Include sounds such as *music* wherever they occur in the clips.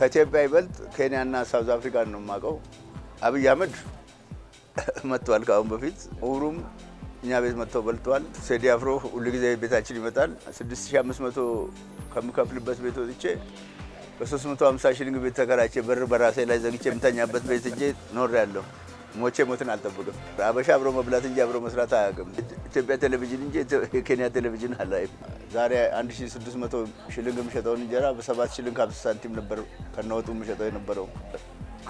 ከኢትዮጵያ ይበልጥ ኬንያና ሳውዝ አፍሪካ ነው የማውቀው። አብይ አህመድ መጥቷል ከአሁን በፊት ኡሁሩም እኛ ቤት መጥተው በልተዋል። ሴዲ አፍሮ ጊዜ ቤታችን ይመጣል። 6500 ከምከፍልበት ቤት ወጥቼ በ350 ሽልንግ ቤት ተከራቼ በር በራሴ ላይ ዘግቼ የምተኛበት ቤት እጄ ኖር ያለው ሞቼ ሞትን አልጠብቅም። አበሻ አብሮ መብላት እንጂ አብሮ መስራት አያውቅም። ኢትዮጵያ ቴሌቪዥን እንጂ የኬንያ ቴሌቪዥን አላይም። ዛሬ 1600 ሽልንግ የምሸጠውን እንጀራ በ7 ሽልንግ 5 ሳንቲም ነበር ከነወጡ የምሸጠው የነበረው።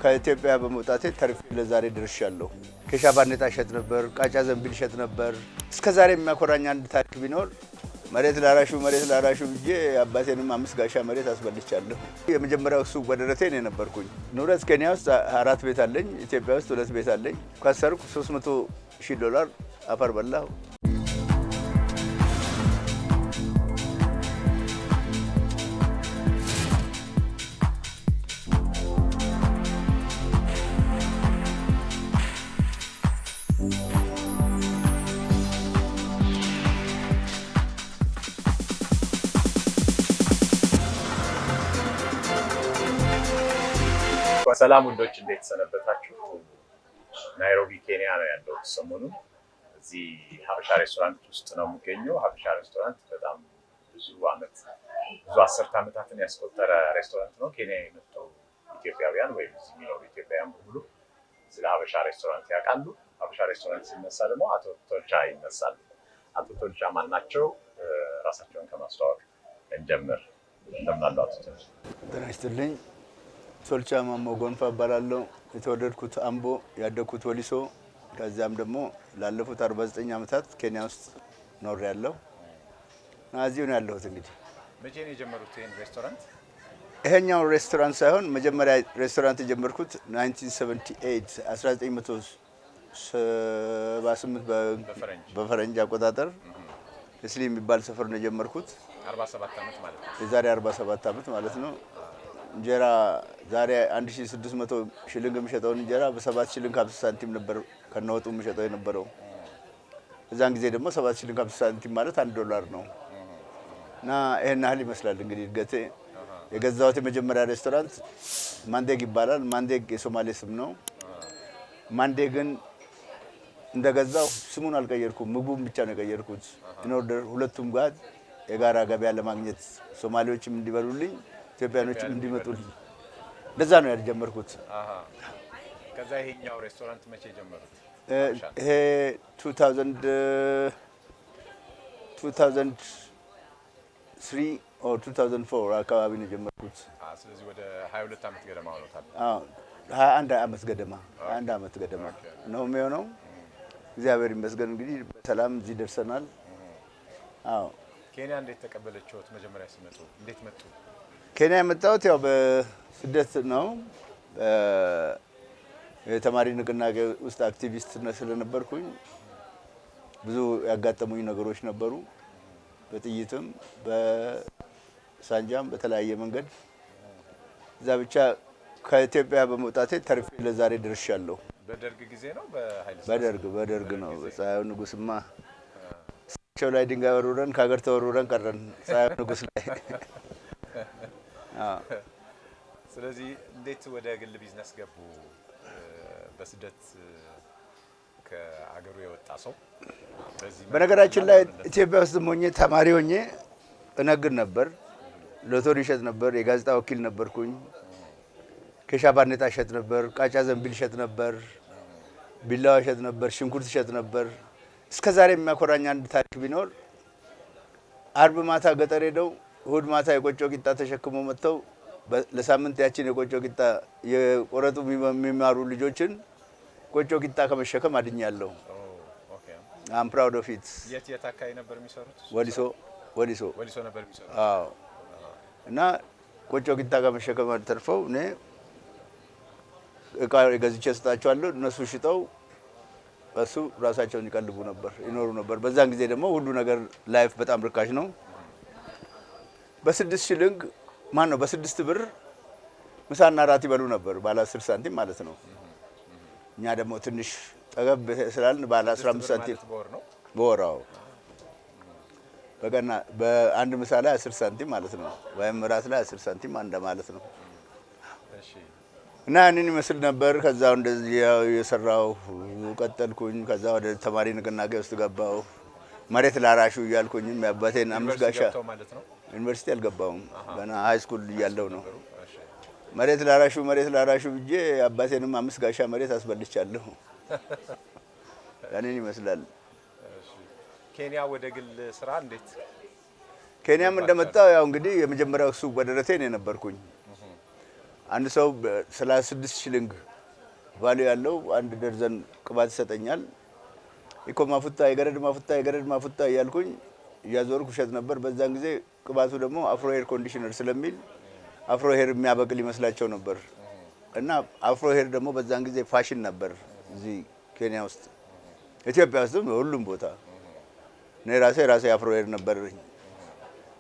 ከኢትዮጵያ በመውጣቴ ተርፌ ለዛሬ ደርሻለሁ። ኬሻ ባርኔጣ እሸጥ ነበር፣ ቃጫ ዘንቢል እሸጥ ነበር። እስከ ዛሬ የሚያኮራኝ አንድ ታሪክ ቢኖር መሬት ላራሹ መሬት ላራሹ ብዬ አባቴንም አምስት ጋሻ መሬት አስበልቻለሁ። የመጀመሪያው እሱ በደረቴን የነበርኩኝ ኑረት ኬንያ ውስጥ አራት ቤት አለኝ። ኢትዮጵያ ውስጥ ሁለት ቤት አለኝ። ካሰርኩ 300 ሺህ ዶላር አፈር በላሁ። ሰላም ውዶች እንዴት ሰነበታችሁ? ናይሮቢ ኬንያ ነው ያለሁት ሰሞኑን። እዚህ ሀበሻ ሬስቶራንት ውስጥ ነው የሚገኘው። ሀበሻ ሬስቶራንት በጣም ብዙ አመት ብዙ አስርት ዓመታትን ያስቆጠረ ሬስቶራንት ነው። ኬንያ የመጣው ኢትዮጵያውያን ወይም እዚህ የሚኖሩ ኢትዮጵያውያን በሙሉ ስለ ሀበሻ ሬስቶራንት ያውቃሉ። ሀበሻ ሬስቶራንት ሲነሳ ደግሞ አቶ ቶልቻ አቶቶቻ አቶ ቶልቻ ማን ናቸው? ራሳቸውን ከማስተዋወቅ እንጀምር። እንደምናለው አቶ ቶልቻ? ይስጥልኝ ቶልቻ ማሞ ጎንፋ እባላለሁ። የተወለድኩት አምቦ፣ ያደግኩት ወሊሶ፣ ከዚያም ደግሞ ላለፉት 49 ዓመታት ኬንያ ውስጥ ኖር ያለው እዚሁ ነው ያለሁት። እንግዲህ መቼ ነው የጀመሩት ይህን ሬስቶራንት? ይሄኛው ሬስቶራንት ሳይሆን መጀመሪያ ሬስቶራንት የጀመርኩት 1978 1978 በፈረንጅ አቆጣጠር እስሊ የሚባል ሰፈር ነው የጀመርኩት። የዛሬ 47 ዓመት ማለት ነው። እንጀራ ዛሬ 1600 ሽልንግ የሚሸጠውን እንጀራ በሰባት ሽልንግ 50 ሳንቲም ነበር ከነወጡ የሚሸጠው የነበረው። እዛን ጊዜ ደግሞ ሰባት ሽልንግ 50 ሳንቲም ማለት አንድ ዶላር ነው እና ይሄን ያህል ይመስላል እንግዲህ እድገቴ። የገዛሁት የመጀመሪያ ሬስቶራንት ማንዴግ ይባላል። ማንዴግ የሶማሌ ስም ነው። ማንዴግን እንደገዛው ስሙን አልቀየርኩም፣ ምግቡን ብቻ ነው የቀየርኩት። ኢንኦርደር ሁለቱም ጋር የጋራ ገበያ ለማግኘት ሶማሌዎችም እንዲበሉልኝ ኢትዮጵያኖች እንዲመጡልኝ ለዛ ነው ያልጀመርኩት። ከዛ ይሄኛው ሬስቶራንት መቼ ጀመሩት? ይሄ 2003 ኦ 2004 አካባቢ ነው የጀመርኩት። ስለዚህ ወደ 22 ዓመት ገደማ ሆኖታል። ሀያ አንድ ዓመት ገደማ 21 አንድ ዓመት ገደማ ነው የሚሆነው። እግዚአብሔር ይመስገን እንግዲህ በሰላም እዚህ ደርሰናል። አዎ ኬንያ እንዴት ተቀበለችሁት? መጀመሪያ ሲመጡ እንዴት መጡ? ኬንያ የመጣሁት ያው በስደት ነው። የተማሪ ንቅናቄ ውስጥ አክቲቪስት ስለነበርኩኝ ብዙ ያጋጠሙኝ ነገሮች ነበሩ። በጥይትም በሳንጃም በተለያየ መንገድ እዛ ብቻ ከኢትዮጵያ በመውጣቴ ተርፌ ለዛሬ ደርሻለሁ። በደርግ ጊዜ ነው፣ በደርግ በደርግ ነው። ፀሐዩ ንጉስማ እሳቸው ላይ ድንጋይ ወርውረን ከሀገር ተወርውረን ቀረን። ፀሐዩ ንጉስ ላይ *laughs* *laughs* ስለዚህ እንዴት ወደ ግል ቢዝነስ ገቡ? በስደት ከአገሩ የወጣ ሰው። በነገራችን ላይ ኢትዮጵያ ውስጥ ሆኜ ተማሪ ሆኜ እነግድ ነበር፣ ሎተሪ እሸጥ ነበር፣ የጋዜጣ ወኪል ነበርኩኝ፣ ኬሻ ባርኔጣ እሸጥ ነበር፣ ቃጫ ዘንቢል እሸጥ ነበር፣ ቢላዋ እሸጥ ነበር፣ ሽንኩርት እሸጥ ነበር። እስከ ዛሬ የሚያኮራኝ አንድ ታሪክ ቢኖር አርብ ማታ ገጠር ሄደው እሁድ ማታ የቆጮ ቂጣ ተሸክሞ መጥተው ለሳምንት ያችን የቆጮ ቂጣ የቆረጡ የሚማሩ ልጆችን ቆጮ ቂጣ ከመሸከም አድኛለሁ። አም ፕራውድ ኦፍ ኢት። የት የት አካባቢ ነበር የሚሰሩት? ወሊሶ ወሊሶ ወሊሶ ነበር የሚሰሩት። አዎ። እና ቆጮ ቂጣ ከመሸከም ተርፈው እኔ እቃ ገዝቼ ስጣቸዋለሁ። እነሱ ሽጠው እሱ ራሳቸውን ይቀልቡ ነበር ይኖሩ ነበር። በዛን ጊዜ ደግሞ ሁሉ ነገር ላይፍ በጣም ርካሽ ነው። በስድስት ሽልንግ ማን ነው በስድስት ብር ምሳና ራት ይበሉ ነበር፣ ባለ አስር ሳንቲም ማለት ነው። እኛ ደግሞ ትንሽ ጠገብ ስላልን ባለ አስራ አምስት ሳንቲም በወራው በቀና በአንድ ምሳ ላይ አስር ሳንቲም ማለት ነው፣ ወይም ራት ላይ አስር ሳንቲም አንድ ማለት ነው። እና ያንን ይመስል ነበር። ከዛ እንደዚህ የሰራው ቀጠልኩኝ። ከዛ ወደ ተማሪ ንቅናቄ ውስጥ ገባው። መሬት ላራሹ እያልኩኝም የአባቴን አምስት ጋሻ ዩኒቨርሲቲ አልገባውም ገና ሀይ ስኩል እያለሁ ነው። መሬት ላራሹ መሬት ላራሹ ብዬ አባቴንም አምስት ጋሻ መሬት አስበልቻለሁ። *laughs* ያንን ይመስላል። ኬንያ ወደ ግል ስራ እንዴት? ኬንያም እንደመጣው ያው እንግዲህ የመጀመሪያው እሱ በደረቴ ነው የነበርኩኝ። አንድ ሰው 36 ሽልንግ ቫሉ ያለው አንድ ደርዘን ቅባት ይሰጠኛል። ኢኮ ማፉታ፣ የገረድ ማፉታ፣ የገረድ ማፉታ እያልኩኝ እያዞርኩ እሸጥ ነበር። በዛን ጊዜ ቅባቱ ደግሞ አፍሮ ሄር ኮንዲሽነር ስለሚል አፍሮ ሄር የሚያበቅል ይመስላቸው ነበር እና አፍሮ ሄር ደግሞ በዛን ጊዜ ፋሽን ነበር እዚህ ኬንያ ውስጥ ኢትዮጵያ ውስጥም ሁሉም ቦታ እኔ ራሴ ራሴ አፍሮ ሄር ነበር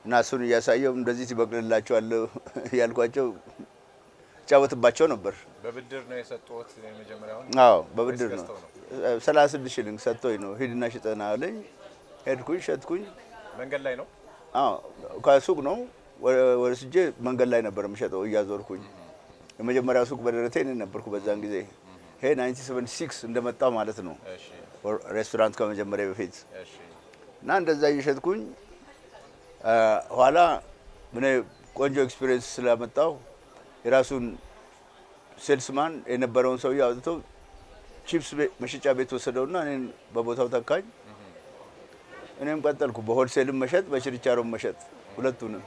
እና እሱን እያሳየው እንደዚህ ሲበቅልላቸዋለሁ እያልኳቸው ጫወትባቸው ነበር። በብድር ነው የሰጠሁት የመጀመሪያውን? አዎ በብድር ነው። ሰላሳ ስድስት ሰጥቶኝ ነው ሂድና ሽጠና አለኝ። ሄድኩኝ፣ ሸጥኩኝ። መንገድ ላይ ነው? አዎ ከሱቅ ነው ወስጄ መንገድ ላይ ነበር የምሸጠው እያዞርኩኝ። የመጀመሪያው ሱቅ በደረቴ እኔ ነበርኩ በዛን ጊዜ። ይሄ 1976 እንደመጣው ማለት ነው ሬስቶራንት ከመጀመሪያ በፊት እና እንደዛ እየሸጥኩኝ ኋላ ምን ቆንጆ ኤክስፒሪየንስ ስላመጣው የራሱን ሴልስማን የነበረውን ሰውዬ አውጥቶ ቺፕስ መሸጫ ቤት ወሰደውና እኔን በቦታው ተካኝ። እኔም ቀጠልኩ በሆልሴልም መሸጥ በችርቻሮም መሸጥ ሁለቱንም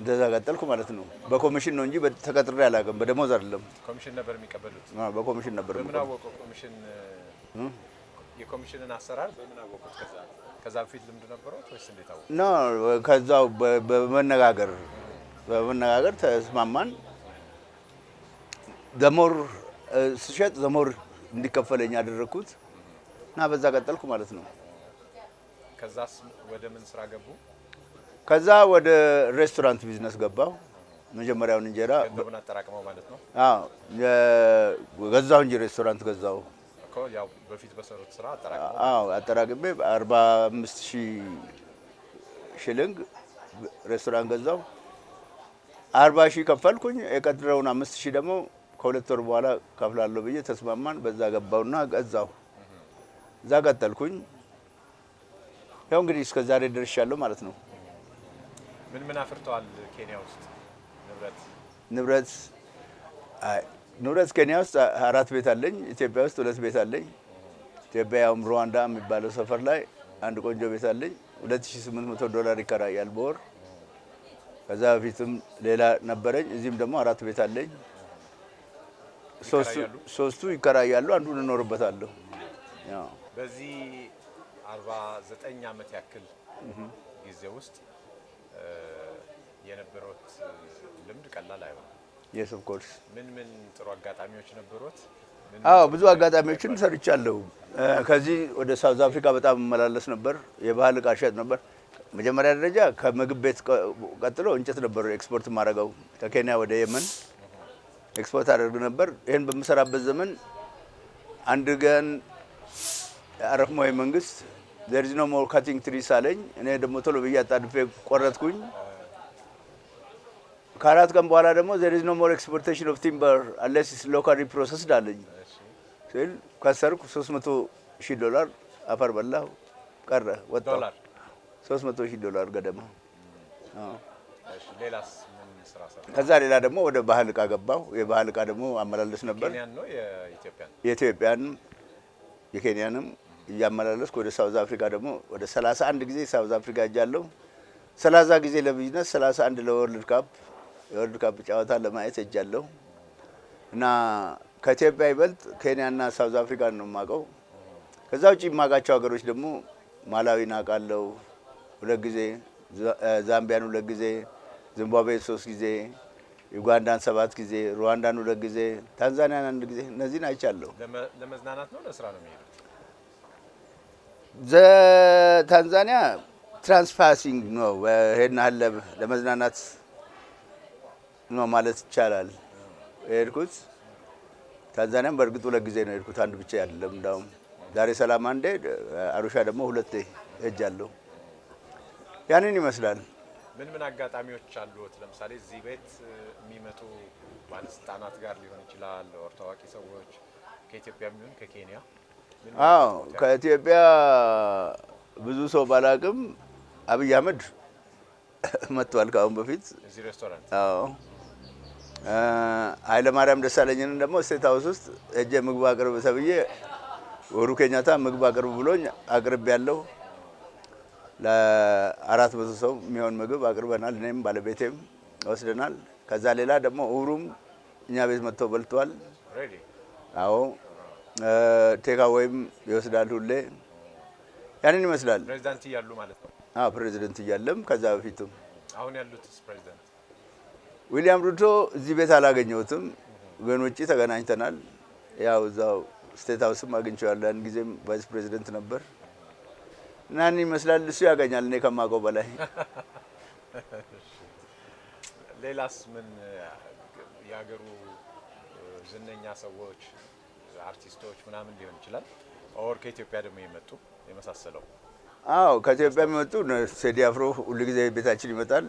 እንደዛ ቀጠልኩ ማለት ነው። በኮሚሽን ነው እንጂ ተቀጥሬ አላውቅም። በደሞዝ አይደለም። ኮሚሽን ነበር የሚቀበሉት። በኮሚሽን ነበር። የኮሚሽንን አሰራር በምን አወቀው? ከዛ ከዛ በፊት ልምድ ነበረው ወይስ እንዴት አወቀው? ከዛው በመነጋገር በመነጋገር ተስማማን። ዘሞር ስሸጥ ዘሞር እንዲከፈለኝ ያደረግኩት እና በዛ ቀጠልኩ ማለት ነው። ከዛ ወደ ምን ስራ ገቡ? ከዛ ወደ ሬስቶራንት ቢዝነስ ገባሁ። መጀመሪያውን እንጀራ ገዛሁ እንጂ ሬስቶራንት ገዛሁ። ያው በፊት በሰሩት ስራ አጠራቅመው። አዎ አጠራቅሜ ሺህ ሽልንግ ሬስቶራንት ገዛሁ። አርባ ሺህ ከፈልኩኝ። የቀድረውን አምስት ሺህ ደግሞ ከሁለት ወር በኋላ ከፍላለሁ ብዬ ተስማማን። በዛ ገባውና ገዛው እዛ ቀጠልኩኝ። ያው እንግዲህ እስከ ዛሬ ደርሻለሁ ማለት ነው። ምን ምን አፍርተዋል ኬንያ ውስጥ ንብረት? ንብረት ንብረት ኬንያ ውስጥ አራት ቤት አለኝ። ኢትዮጵያ ውስጥ ሁለት ቤት አለኝ። ኢትዮጵያ ያውም ሩዋንዳ የሚባለው ሰፈር ላይ አንድ ቆንጆ ቤት አለኝ። 2800 ዶላር ይከራያል በወር። ከዛ በፊትም ሌላ ነበረኝ። እዚህም ደግሞ አራት ቤት አለኝ። ሶስቱ ይከራያሉ፣ አንዱን እኖርበታለሁ። በዚህ 49 ዓመት ያክል ጊዜ ውስጥ የነበሩት ልምድ ቀላል አይሆንም። የስ ኦፍ ኮርስ ምን ምን ጥሩ አጋጣሚዎች ነበሩት? አዎ ብዙ አጋጣሚዎችን ሰርቻለሁ። ከዚህ ወደ ሳውዝ አፍሪካ በጣም መላለስ ነበር። የባህል እቃ ሸጥ ነበር። መጀመሪያ ደረጃ ከምግብ ቤት ቀጥሎ እንጨት ነበር ኤክስፖርት ማድረገው ከኬንያ ወደ የመን ኤክስፖርት አደርግ ነበር። ይህን በምሰራበት ዘመን አንድ ገን አረክማዊ መንግስት ዘርዝኖ ሞር ካቲንግ ትሪስ አለኝ። እኔ ደግሞ ቶሎ ብዬ አጣድፌ ቆረጥኩኝ። ከአራት ቀን በኋላ ደግሞ ዘርዝኖ ሞር ኤክስፖርቴሽን ኦፍ ቲምበር አለስ ሎካሊ ፕሮሰስ ዳለኝ ሲል ከሰርኩ 300 ሺህ ዶላር አፈር በላሁ። ቀረ ወጣ 300 ሺህ ዶላር ገደማ ከዛ ሌላ ደግሞ ወደ ባህል እቃ ገባሁ። የባህል እቃ ደግሞ አመላለስ ነበር። የኢትዮጵያን የኬንያንም እያመላለስኩ ወደ ሳውዝ አፍሪካ ደግሞ ወደ 31 ጊዜ ሳውዝ አፍሪካ እጃለሁ። 30 ጊዜ ለቢዝነስ፣ 31 ለወርልድ ካፕ የወርልድ ካፕ ጨዋታ ለማየት እጃለሁ እና ከኢትዮጵያ ይበልጥ ኬንያና ሳውዝ አፍሪካ ነው የማውቀው። ከዛ ውጭ የማውቃቸው ሀገሮች ደግሞ ማላዊን አውቃለሁ ሁለት ጊዜ፣ ዛምቢያን ሁለት ጊዜ ዚምባብዌ ሶስት ጊዜ፣ ዩጋንዳን ሰባት ጊዜ፣ ሩዋንዳን ሁለት ጊዜ፣ ታንዛኒያን አንድ ጊዜ። እነዚህን አይቻለሁ። ለመዝናናት ነው ለስራ ነው የሚሄዱት? ታንዛኒያ ትራንስፓሲንግ ነው ሄድናል። ለመዝናናት ነው ማለት ይቻላል የሄድኩት። ታንዛኒያም በእርግጥ ሁለት ጊዜ ነው የሄድኩት፣ አንድ ብቻ አይደለም። እንዳውም ዛሬ ሰላም አንዴ፣ አሩሻ ደግሞ ሁለቴ ሄጃለሁ። ያንን ይመስላል። ምን ምን አጋጣሚዎች አሉት? ለምሳሌ እዚህ ቤት የሚመጡ ባለስልጣናት ጋር ሊሆን ይችላል፣ ወር ታዋቂ ሰዎች ከኢትዮጵያ የሚሆን ከኬንያ። አዎ ከኢትዮጵያ ብዙ ሰው ባላቅም አብይ አህመድ መጥቷል ከአሁን በፊት እዚህ ሬስቶራንት። አዎ ማርያም ደሳለኝን ደግሞ ስቴት ሀውስ ውስጥ እጄ ምግብ አቅርብ ተብዬ ወሩ ኬንያታ ምግብ አቅርብ ብሎኝ አቅርብ ያለው ለአራት መቶ ሰው የሚሆን ምግብ አቅርበናል። እኔም ባለቤቴም ወስደናል። ከዛ ሌላ ደግሞ እሁሩም እኛ ቤት መጥቶ በልቷል። አዎ ቴካ ወይም ይወስዳል ሁሌ ያንን ይመስላል። ፕሬዚዳንት እያሉ ማለት ነው። ፕሬዚደንት እያለም ከዛ በፊትም አሁን ፕሬዚዳንት ዊሊያም ሩቶ እዚህ ቤት አላገኘሁትም፣ ግን ውጭ ተገናኝተናል። ያው እዛው ስቴት ሀውስም አግኝቼዋለሁ። ያን ጊዜም ቫይስ ፕሬዚደንት ነበር። ናን ይመስላል እሱ ያገኛል። እኔ ከማውቀው በላይ *laughs* ሌላስ ምን የሀገሩ ዝነኛ ሰዎች አርቲስቶች ምናምን ሊሆን ይችላል ኦር ከኢትዮጵያ ደግሞ የመጡ የመሳሰለው? አዎ ከኢትዮጵያ የሚመጡ ቴዲ አፍሮ ሁልጊዜ ቤታችን ይመጣል።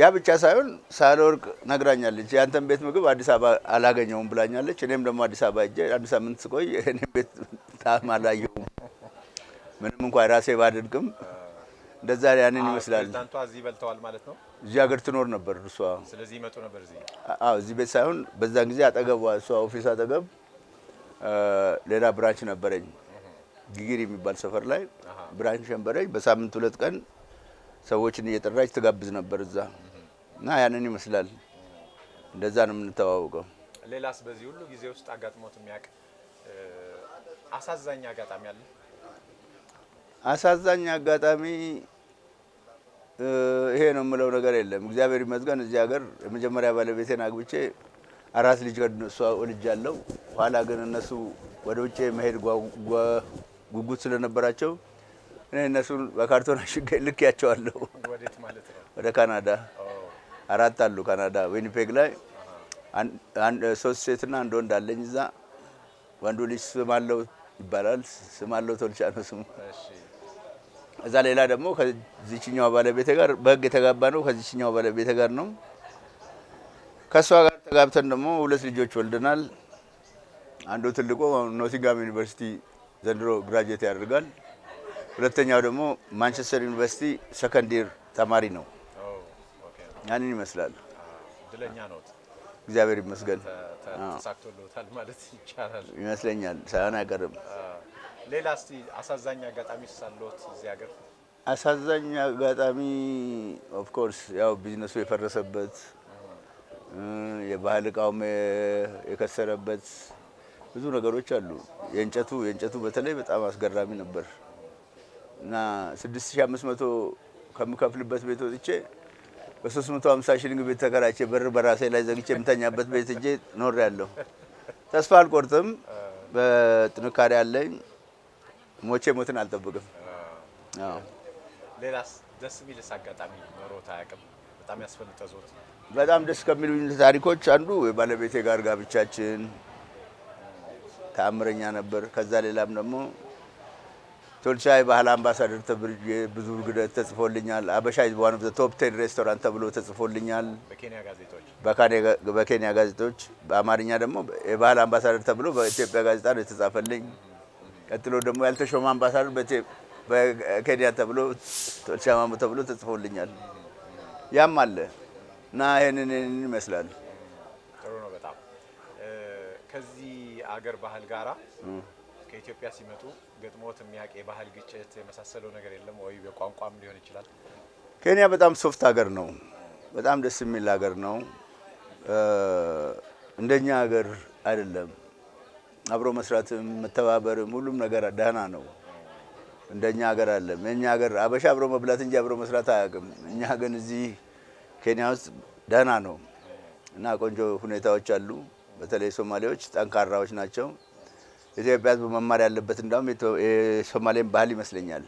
ያ ብቻ ሳይሆን ሳህለወርቅ ነግራኛለች፣ ያንተን ቤት ምግብ አዲስ አበባ አላገኘውም ብላኛለች። እኔም ደግሞ አዲስ አበባ ሂጄ አንድ ሳምንት ስቆይ እኔም ቤት ጣም አላየውም ምንም እንኳ ራሴ ባደርግም እንደዛ ያንን ይመስላል። ፕሬዝዳንቷ እዚህ በልተዋል ማለት ነው። እዚህ ሀገር ትኖር ነበር እርሷ። ስለዚህ ይመጡ ነበር እዚህ። አዎ እዚህ ቤት ሳይሆን በዛን ጊዜ አጠገቧ እሷ ኦፊስ አጠገብ ሌላ ብራንች ነበረኝ፣ ግግር የሚባል ሰፈር ላይ ብራንች ነበረኝ። በሳምንት ሁለት ቀን ሰዎችን እየጠራች ትጋብዝ ነበር እዛ እና ያንን ይመስላል። እንደዛ ነው የምንተዋወቀው። ሌላስ በዚህ ሁሉ ጊዜ ውስጥ አጋጥሞት የሚያውቅ አሳዛኝ አጋጣሚ አለ? አሳዛኝ አጋጣሚ ይሄ ነው የምለው ነገር የለም። እግዚአብሔር ይመስገን እዚህ ሀገር የመጀመሪያ ባለቤቴን አግብቼ አራት ልጅ ከእነሱ ወልጃለሁ። ኋላ ግን እነሱ ወደ ውጭ መሄድ ጉጉት ስለነበራቸው እኔ እነሱን በካርቶን አሽጌ ልኬያቸዋለሁ ወደ ካናዳ። አራት አሉ ካናዳ ዊኒፔግ ላይ ሶስት ሴትና አንድ ወንድ አለኝ። እዛ ወንዱ ልጅ ስም አለው ይባላል። ስም አለው ቶልቻ ነው ስሙ። እዛ ሌላ ደግሞ ከዚችኛው ባለቤቴ ጋር በህግ የተጋባ ነው። ከዚችኛው ባለቤቴ ጋር ነው። ከእሷ ጋር ተጋብተን ደግሞ ሁለት ልጆች ወልደናል። አንዱ ትልቁ ኖቲንጋም ዩኒቨርሲቲ ዘንድሮ ግራጁዌት ያደርጋል። ሁለተኛው ደግሞ ማንቸስተር ዩኒቨርሲቲ ሰከንድ ይር ተማሪ ነው። ያንን ይመስላል። እግዚአብሔር ይመስገን ተሳክቶልታል ማለት ይቻላል ይመስለኛል። አይቀርም። ሌላ እስቲ አሳዛኝ አጋጣሚ ሳለት እዚህ ሀገር አሳዛኝ አጋጣሚ ኦፍኮርስ ያው ቢዝነሱ የፈረሰበት የባህል እቃውም የከሰረበት ብዙ ነገሮች አሉ። የእንጨቱ የእንጨቱ በተለይ በጣም አስገራሚ ነበር እና 6500 ከምከፍልበት ቤት ወጥቼ በሶስት መቶ ሀምሳ ሺሊንግ ቤት ተከራቼ በር በራሴ ላይ ዘግቼ የምተኛበት ቤት እጄ ኖር ያለሁ። ተስፋ አልቆርጥም። በጥንካሬ አለኝ። ሞቼ ሞትን አልጠብቅም። ሌላስ ደስ የሚልስ አጋጣሚ ኖሮት አያውቅም? በጣም ያስፈነጠዞት? በጣም ደስ ከሚሉኝ ታሪኮች አንዱ የባለቤቴ ጋር ጋብቻችን ተአምረኛ ነበር። ከዛ ሌላም ደግሞ ቶልቻ የባህል አምባሳደር ተብዬ ብዙ ግደት ተጽፎልኛል። አበሻ ኢዝ ዋን ኦፍ ዘ ቶፕ ቴን ሬስቶራንት ተብሎ ተጽፎልኛል በኬንያ ጋዜጦች። በአማርኛ ደግሞ የባህል አምባሳደር ተብሎ በኢትዮጵያ ጋዜጣ ነው የተጻፈልኝ። ቀጥሎ ደግሞ ያልተሾመ አምባሳደር በኬንያ ተብሎ ቶልቻ ማሞ ተብሎ ተጽፎልኛል። ያም አለ እና ይህንን ይህንን ይመስላል። ጥሩ ነው በጣም ከዚህ አገር ባህል ጋራ ከኢትዮጵያ ሲመጡ ገጥሞት የሚያውቅ የባህል ግጭት የመሳሰለው ነገር የለም ወይ? በቋንቋም ሊሆን ይችላል። ኬንያ በጣም ሶፍት ሀገር ነው። በጣም ደስ የሚል ሀገር ነው። እንደኛ ሀገር አይደለም። አብሮ መስራትም መተባበርም ሁሉም ነገር ደህና ነው። እንደኛ ሀገር አለም የኛ ሀገር አበሻ አብሮ መብላት እንጂ አብሮ መስራት አያውቅም። እኛ ግን እዚህ ኬንያ ውስጥ ደህና ነው እና ቆንጆ ሁኔታዎች አሉ። በተለይ ሶማሌዎች ጠንካራዎች ናቸው። ኢትዮጵያ ሕዝብ መማር ያለበት እንዳውም የሶማሌን ባህል ይመስለኛል።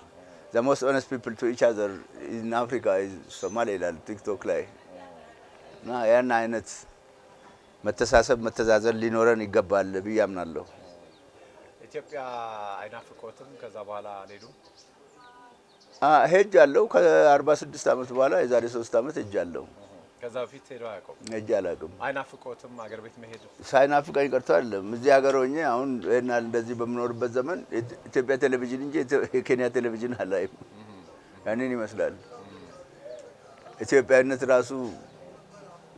ዘ ሞስት ኦነስት ፒፕል ቱ ኢች አዘር ኢን አፍሪካ ሶማሌ ይላል ቲክቶክ ላይ እና ያን አይነት መተሳሰብ መተዛዘን ሊኖረን ይገባል ብዬ አምናለሁ። ኢትዮጵያ አይናፍቆትም? ከዛ በኋላ አልሄዱም? ሄጃለሁ። ከአርባ ስድስት ዓመት በኋላ የዛሬ ሶስት ዓመት ሄጃለሁ። ከዛ በፊት ሄዶ አያውቀውም፣ ሄጄ አላውቅም። አይናፍቆትም አገር ቤት መሄድ ሳይናፍቀኝ ቀርቶ አይደለም። እዚህ ሀገር ሆኜ አሁን ይህናል እንደዚህ በምኖርበት ዘመን ኢትዮጵያ ቴሌቪዥን እንጂ የኬንያ ቴሌቪዥን አላይም። ያንን ይመስላል። ኢትዮጵያዊነት ራሱ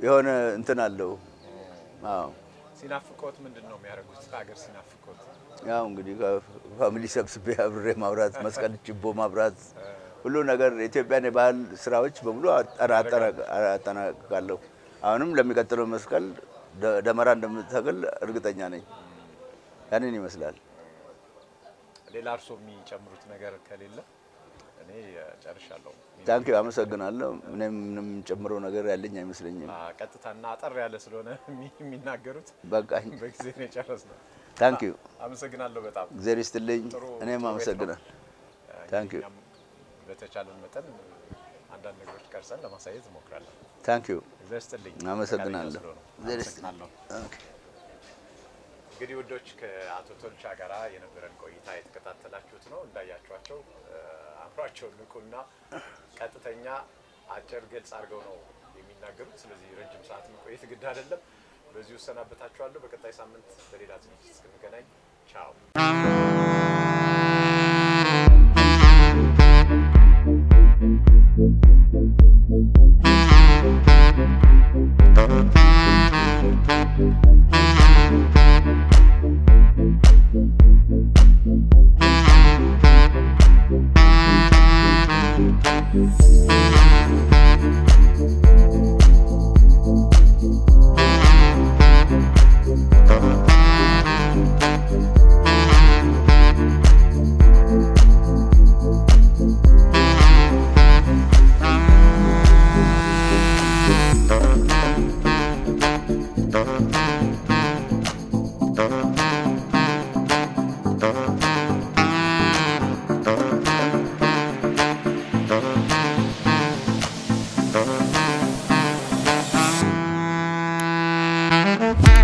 የሆነ እንትን አለው። አዎ ሲናፍቆት ምንድን ነው የሚያደርጉት? ሀገር ሲናፍቆት ያው እንግዲህ ፋሚሊ ሰብስቤ አብሬ ማብራት መስቀል ችቦ ማብራት ሁሉ ነገር የኢትዮጵያን የባህል ስራዎች በሙሉ አጠናቅቃለሁ። አሁንም ለሚቀጥለው መስቀል ደመራ እንደምተክል እርግጠኛ ነኝ። ያንን ይመስላል። ሌላ እርሶ የሚጨምሩት ነገር ከሌለ እኔ ጨርሻለሁ። ታንክ አመሰግናለሁ። እኔም ምንም ጨምረው ነገር ያለኝ አይመስለኝም። ቀጥታና አጠር ያለ ስለሆነ የሚናገሩት በቃኝ። በጊዜ ነው የጨረስነው። ታንክ ዩ አመሰግናለሁ። በጣም እግዚአብሔር ይስጥልኝ። እኔም አመሰግናለሁ። ታንክ በተቻለን መጠን አንዳንድ ነገሮች ቀርጸን ለማሳየት እሞክራለሁ። ታንክ ዩ እግዚአብሔር ይስጥልኝ። አመሰግናለሁ። እንግዲህ ውዶች ከአቶ ቶልቻ ጋራ የነበረን ቆይታ የተከታተላችሁት ነው። እንዳያችኋቸው አእምሯቸውን ንቁና ቀጥተኛ አጭር ግልጽ አድርገው ነው የሚናገሩት። ስለዚህ ረጅም ሰዓት መቆየት ግድ አይደለም። በዚሁ እሰናበታችኋለሁ። በቀጣይ ሳምንት በሌላ ዝግጅት እስክንገናኝ ቻው። Thank you.